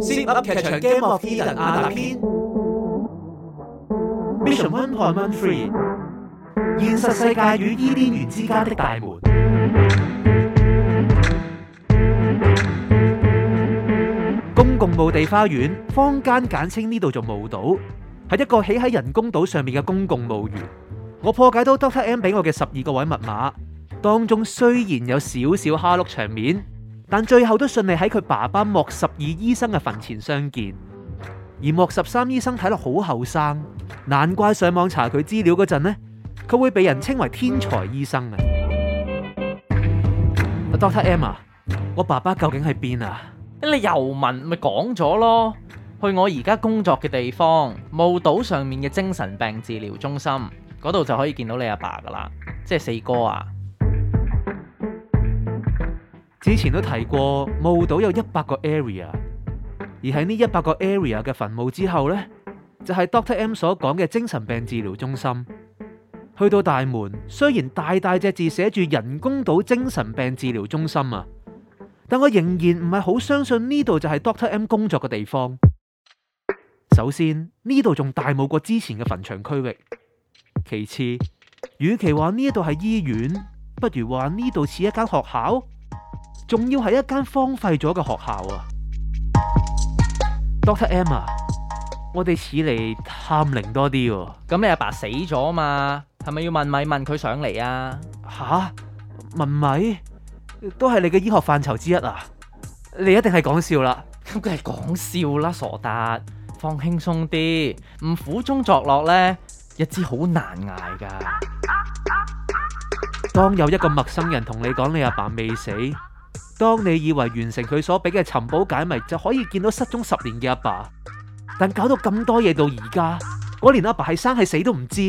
《Zip 噏劇場 Game of Eden 阿達篇》，Mission One Point One Three，現實世界與伊甸園之間的大門。 公共墓地花園，坊間簡稱呢度做墓島，係一個起喺人工島上面嘅公共墓園。我破解到 Doctor M 俾我嘅十二個位密碼，當中雖然有少少蝦碌場面。但最後都順利喺佢爸爸莫十二醫生嘅墳前相見，而莫十三醫生睇落好後生，難怪上網查佢資料嗰陣呢，佢會被人稱為天才醫生啊 Dr M，我爸爸究竟喺邊啊？你又問？咪講咗囉，去我而家工作嘅地方，墓島上面嘅精神病治療中心嗰度就可以見到你阿爸㗎喇，即係四哥啊！之前都提過，墓島有一百個 area，而喺呢一百個 area 嘅墳墓之後呢就係 Dr. M 所講嘅精神病治療中心。去到大門，雖然大大隻字寫住人工島精神病治療中心啊，但我仍然唔係好相信呢度就係 Dr. M 工作嘅地方。首先，呢度仲大霧過之前嘅墳場區域；其次，與其話呢度係醫院，不如話呢度似一間學校。仲要係一間荒廢咗嘅學校啊，Dr M，我哋似嚟探靈多啲喎、啊。咁、嗯、你阿爸,爸死咗嘛？係咪要問米問佢上嚟啊？吓、啊，問米都係你嘅醫學範疇之一啊？你一定係講笑啦，咁梗係講笑啦，傻達，放輕鬆啲，唔苦中作樂咧，日子好難挨噶。當有一個陌生人同你講你阿爸,爸未死。當你以為完成佢所俾嘅尋寶解謎就可以見到失蹤十年嘅阿爸，爸，但搞到咁多嘢到而家，我連阿爸係生係死都唔知。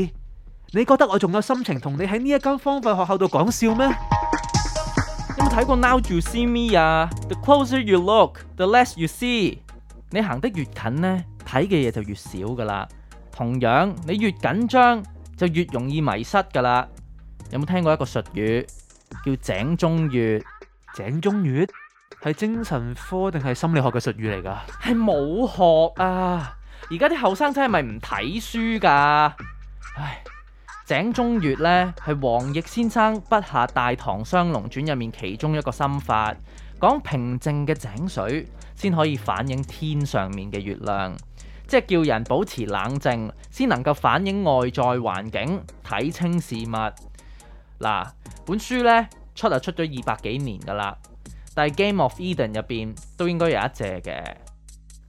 你覺得我仲有心情同你喺呢一間荒廢學校度講笑咩？ 有冇睇過《Now You See Me》啊？The closer you look, the less you see。 你行得越近呢，睇嘅嘢就越少噶啦。同樣，你越緊張就越容易迷失噶啦。有冇聽過一個術語叫井中月？井中月，係精神科定係心理學嘅術語嚟噶係武學啊！而家啲後生仔係咪唔睇書噶？唉，井中月呢，係黃易先生筆下《大唐雙龍傳》入面其中一個心法，講平靜嘅井水先可以反映天上面嘅月亮，即係叫人保持冷靜，先能夠反映外在環境，睇清事物。嗱，本書呢。出啊，出咗二百幾年噶啦，但係 Game of Eden 入邊都應該有一隻嘅。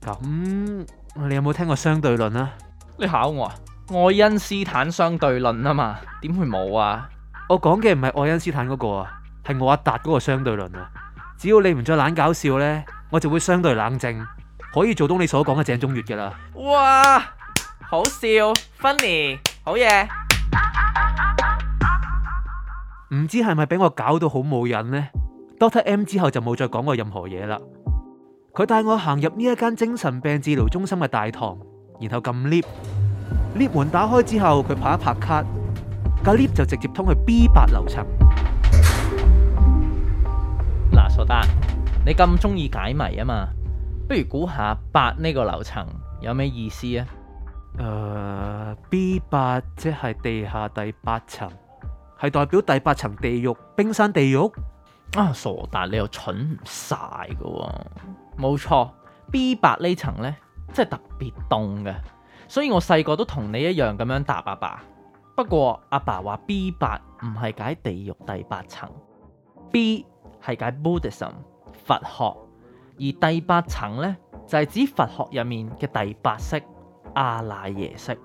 咁、嗯、你有冇聽過相對論啊？你考我啊？愛因斯坦相對論啊嘛，點會冇啊？我講嘅唔係愛因斯坦嗰、個啊，係我阿達嗰個相對論啊。只要你唔再懶搞笑呢，我就會相對冷靜，可以做到你所講嘅井中月噶啦。哇，好笑，Funny，好嘢。唔知係咪俾我搞到好冇癮呢 Doctor M 之後就冇再講過任何嘢啦。佢帶我行入呢一間精神病治療中心嘅大堂，然後撳 lift，lift 門打開之後，佢拍一拍 card，個 lift 就直接通去 B 八樓層。嗱，傻達，你咁中意解謎啊嘛，不如估下八呢個樓層有咩意思啊？誒，uh，B 八即係地下第八層。係代表第八層地獄，冰山地獄啊！傻達你又蠢唔晒㗎喎。冇錯，B 八呢層呢，真係特別凍嘅。所以我細個都同你一樣咁樣答阿爸，爸。不過阿爸話 B 八唔係解地獄第八層，B 係解 Buddhism, 佛學，而第八層呢，就係指佛學入面嘅第八識——阿賴耶識。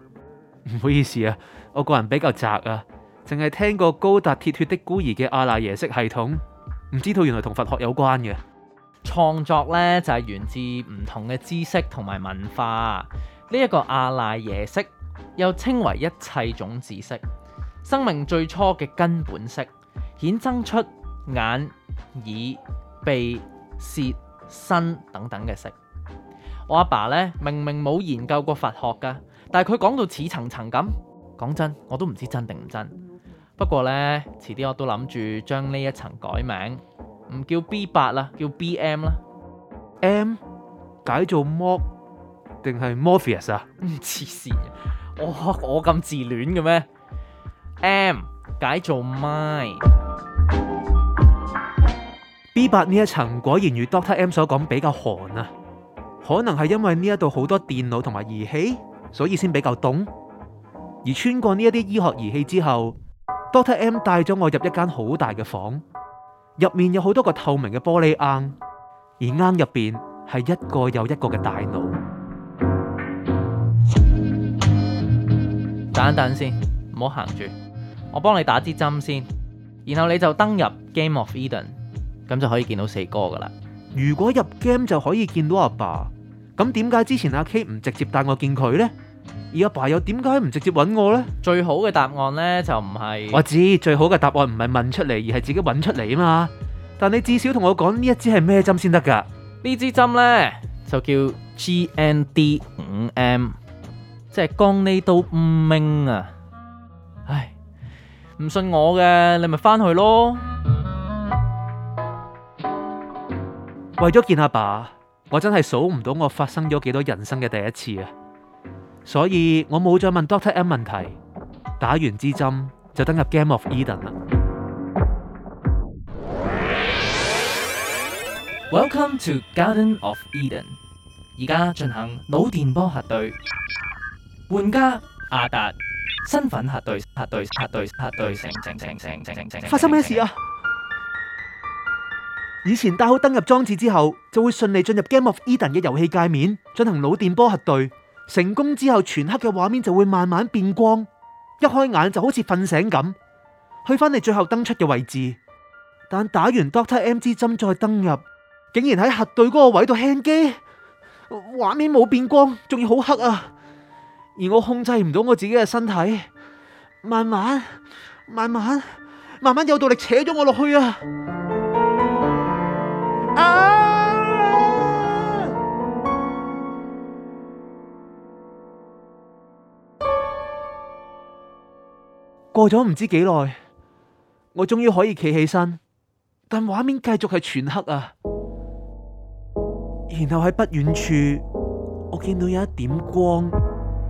唔好意思啊，我個人比較宅啊。淨係聽過高達鐵血的孤兒嘅阿賴耶識系統，唔知道原來同佛學有關嘅創作呢，就係、是、源自唔同嘅知識同埋文化。呢、這、一個阿賴耶識又稱為一切種子識，生命最初嘅根本識，衍生出眼、耳鼻、鼻、舌、身等等嘅識。我阿爸，爸呢，明明冇研究過佛學噶，但係佢講到似層層咁，講真我都唔知真定唔真。不過咧，遲啲我都諗住將呢一層改名，唔叫 B8 啦，叫 BM 啦，M 解做 Mo 定係 Morpheus 啊？黐線，我我咁自戀嘅咩？M 解做 Mind。B8 呢一層果然如 Doctor M 所講比較寒啊，可能係因為呢一度好多電腦同埋儀器，所以先比較凍。而穿過呢一啲醫學儀器之後，Dr. M 帶咗我入一間好大嘅房，入面有好多個透明嘅玻璃缻，而缻入邊係一個又一個嘅大腦。等一等先，唔好行住，我幫你打支針先，然後你就登入 Game of Eden，咁就可以見到四哥㗎喇。如果入 Game 就可以見到阿爸，爸，咁點解之前阿 K 唔直接帶我見佢呢？而阿爸又點解唔直接揾我呢？最好嘅答案呢就唔係，我知！最好嘅答案唔係問出嚟，而係自己揾出嚟啊嘛！但你至少同我講呢一支係咩針先得㗎？呢支針呢就叫 GND5M，即係講你都唔明啊！唉，唔信我嘅，你咪返去咯。為咗見阿爸，我真係數唔到我發生咗幾多人生嘅第一次啊！所以我冇再問 Doctor M 問題，打完支針，就登入 Game of Eden 啦。Welcome to Garden of Eden，而家進行腦電波核對。玩家阿達，身份核對、核對、核對、核對成成成成成成成。發生咩事啊？以前戴好登入裝置之後，就會順利進入 Game of Eden 嘅遊戲界面，進行腦電波核對。成功之後，全黑嘅畫面就會慢慢變光，一開眼就好似瞓醒咁，去翻你最後登出嘅位置。但打完 Doctor M G 針再登入，竟然喺核對嗰個位度輕機，畫面冇變光，仲要好黑啊！而我控制唔到我自己嘅身體，慢慢、慢慢、慢慢有動力扯咗我落去啊！過咗唔知幾耐，我終於可以企起身，但畫面繼續係全黑啊！然後喺不遠處，我見到有一點光，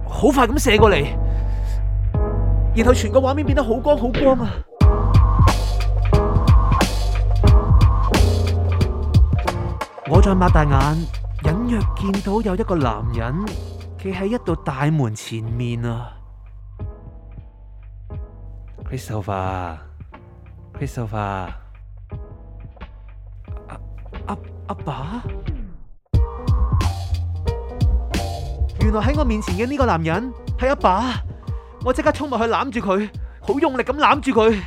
好快咁射過嚟，然後全個畫面變得好光好光啊！ 我再擘大眼，隱約見到有一個男人企喺一道大門前面啊！Christopher，Christopher，阿阿爸，原來喺我面前嘅呢個男人係阿爸，爸，我即刻衝入去攬住佢，好用力咁攬住佢。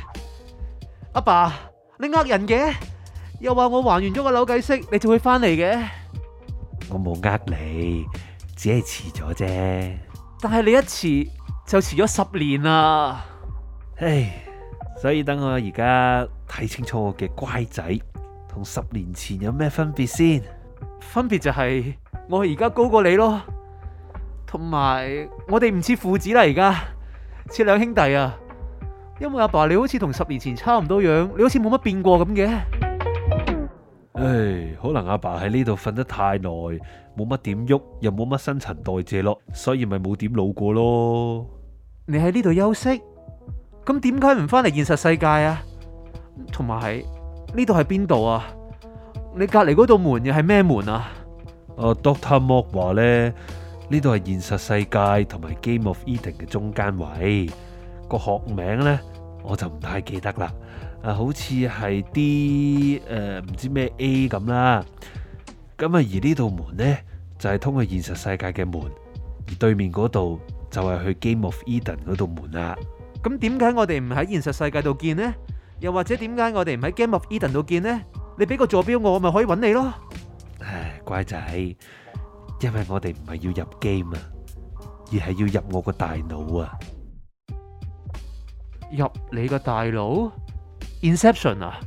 阿爸，爸，你呃人嘅？又話我還完咗個扭計骰，你就會翻嚟嘅？我冇呃你，只係遲咗啫。但係你一遲就遲咗十年啊！唉，hey，所以等我而家睇清楚我嘅乖仔同十年前有咩分別先？分別就係我而家高過你咯，同埋我哋唔似父子啦，而家似兩兄弟啊！因為阿爸，爸你好似同十年前差唔多樣，你好似冇乜變過咁嘅。唉，hey，可能阿爸喺呢度瞓得太耐，冇乜點喐，又冇乜新陳代謝咯，所以咪冇點老過咯。你喺呢度休息。咁點解唔翻嚟現實世界啊？同埋喺呢度係邊度啊？你隔籬嗰道門又係咩門啊？Doctor Moore 話呢，呢度係現實世界同埋 Game of Eden 嘅中間位，個學名呢，我就唔太記得啦。啊，好似係啲誒唔知咩 A 咁啦。咁啊，而呢道門呢，就係通過現實世界嘅門，而對面嗰度就係去 Game of Eden 嗰道門啦。咁點解我哋唔喺現實世界度見呢？又或者點解我哋唔喺 Game of Eden 度見呢？你俾個坐標我，我咪可以揾你咯。唉，乖仔，因為我哋唔係要入 game 啊，而係要入我個大腦啊。入你個大腦？Inception 啊？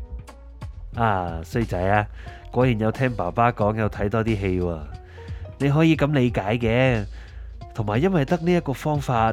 啊，衰仔啊，果然有聽爸爸講，有睇多啲戲。你可以咁理解嘅，同埋因為得呢一個方法，